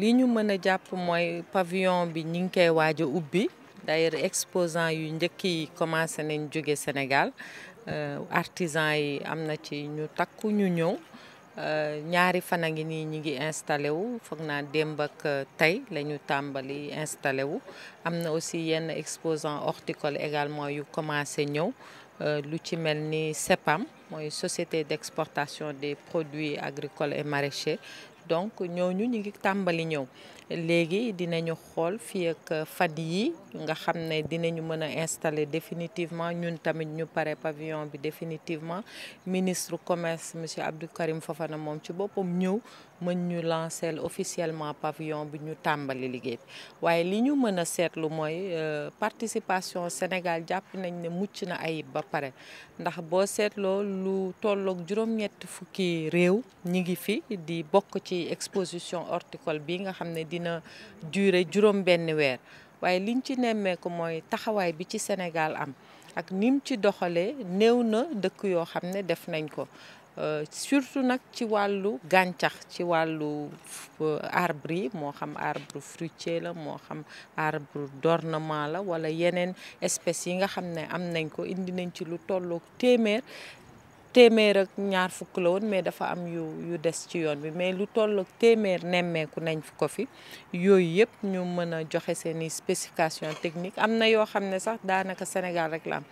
li ñu mën a jàpp mooy pavillon bi ñi ngi koy waaj ubbi d'ailleurs exposant yu njëkk yi commencé nañ jóge Sénégal euh, artisan yi am na ci ñu takku ñu ñëw euh, ñaari fan a ngi nii ñi ngi installé wu foog naa démb ak euh, tey la ñu tàmbali installé wu am na aussi yenn exposant horticole également yu commencé ñëw lu ci mel ni SEPAM mooy société d'exportation des produits agricoles et maraîchers donc ñooñu ñu ngi tàmbali ñëw léegi dinañu xool fii ak fan yi nga xam ne dinañu mën a installer définitivement ñun tamit ñu pare pavillon bi définitivement ministre commerce monsieur Abdou Karim Fofana moom ci boppam ñëw mën ñu lancer officiellement pavillon bi ñu tàmbali liggéey bi waaye li ñu mën a seetlu mooy euh, participation Sénégal jàpp nañ ne mucc na ayib ba pare ndax boo seetloo lu tolloog juróom-ñett fukki réew ñi ngi fi di bokk ci exposition orticole bi nga xam ne dina durer juróom benn weer waaye liñ ci nemmeeku mooy taxawaay bi ci Sénégal am ak nim ci doxalee néew na dëkk yoo xam ne def nañ ko euh, surtout nag ci wàllu gàncax ci wàllu euh, arbre yi moo xam arbre fruitier la moo xam arbre d'ornement la wala yeneen espèces yi nga xam ne am nañ ko indi nañ ci lu tollook téeméer téeméer ak ñaar fukk la woon mais dafa am yu yu des ci yoon bi mais lu toll ak téeméer nemmeeku nañ fi ko fi yooyu yëpp ñu mën a joxe seeni spécification technique am na yoo xam ne sax daanaka Sénégal rek la am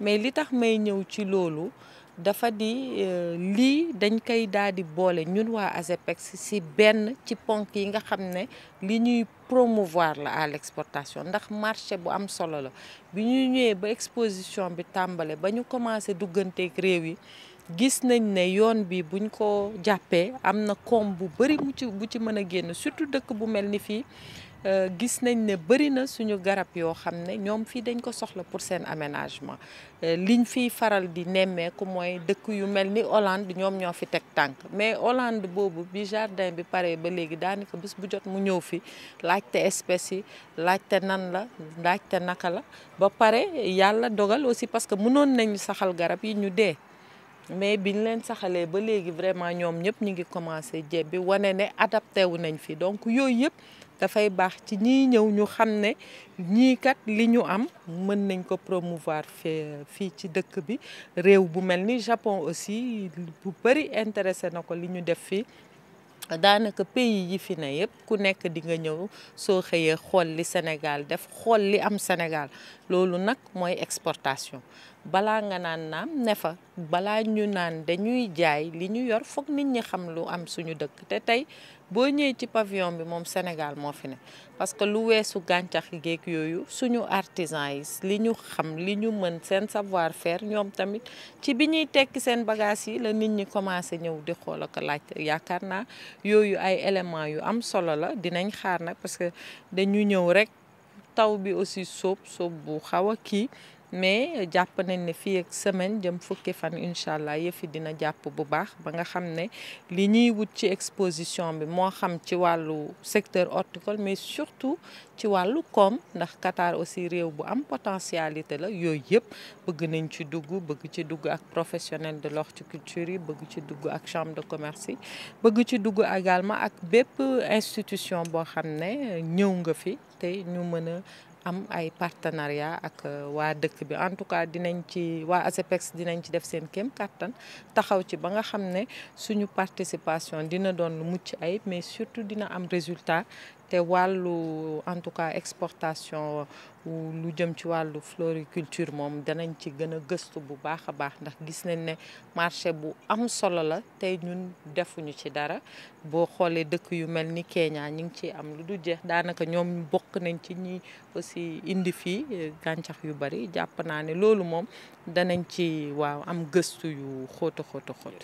mais li tax may ñëw ci loolu dafa di euh, lii dañ koy daal di boole ñun waa ASEPEX si benn ci ponk yi nga xam ne li ñuy promouvoir la à l'exportation ndax marché bu am solo la bi ñu ñëwee ba exposition bi tàmbale ba ñu commencé dugganteeg réew yi gis nañ ne yoon bi buñ ko jàppee am na koom bu bëri bu ci mën a génn surtout dëkk bu mel ni fii euh, gis nañ ne bëri na suñu garab yoo xam ne ñoom fii dañ ko soxla pour seen aménagement euh, liñ fiy faral di nemmeeku mooy dëkk yu mel ni Hollande ñoom ñoo fi teg tànk mais Hollande boobu bi jardin bi pare ba léegi daanaka bis bu jot mu ñëw fi laajte espèces yi laajte nan la laajte naka la ba pare yàlla dogal aussi parce que mënoon nañu saxal garab yi ñu dee mais biñ leen saxalee ba léegi vraiment ñoom ñëpp ñu ngi commencé jebbi wane ne adapté wu nañ fii donc yooyu yëpp dafay baax ci ñiy ñëw ñu xam ne ñii kat li ñu am mën nañ ko promouvoir fii fii ci dëkk bi réew bu mel ni Japon aussi bu bëri intéressé na ko li ñu def fii daanaka pays yi fi ne yëpp ku nekk di nga ñëw soo xëyee xool li Sénégal def xool li am Sénégal loolu nag mooy exportation balaa nga naan naam ne fa balaa ñu naan dañuy jaay li ñu yor foog nit ñi xam lu am suñu dëkk te tey boo ñëwee ci pavion bi moom Sénégal moo fi ne parce que lu weesu gàncax géeg yooyu suñu artisan yi li ñu xam li ñu mën seen savoir fair ñoom tamit ci bi ñuy tekki seen bagage yi la nit ñi commencé ñëw di xool ak laaj yaakaar naa yooyu ay élément yu am solo la dinañ xaar nag parce que dañu ñëw rek taw bi aussi soob soob bu xaw a kii mais euh, jàpp nañ ne fii ak semaine jëm fukki fan incha allah yëfi dina jàpp bu baax ba nga xam ne li ñuy wut ci exposition bi moo xam ci wàllu secteur horticole mais surtout ci wàllu koom ndax Qatar aussi réew bu am potentialité la yooyu yëpp bëgg nañ ci dugg bëgg ci dugg ak professionnel de l'horticulture yi bëgg ci dugg ak chambre de commerce yi bëgg ci dugg également ak bépp institution boo xam ne euh, ñëw nga fi te ñu mën a am ay partenariat ak euh, waa dëkk bi en tout cas dinañ ci waa ASEPEX dinañ ci def seen kéem kàttan taxaw ci ba nga xam ne suñu participation dina doon lu mucc ay mais surtout dina am résultat te wàllu en tout cas exportation lu jëm ci wàllu floriculture moom danañ ci gën a gëstu bu baax a baax ndax gis nañ ne marché bu am solo la tey ñun defuñu ci dara boo xoolee dëkk yu mel ni Kenya ñu ngi ciy am lu du jeex daanaka ñoom bokk nañ ci ñi aussi indi fii eh, gàncax yu bari jàpp naa ne loolu moom danañ ci waaw am gëstu yu xóotu xóotu xóot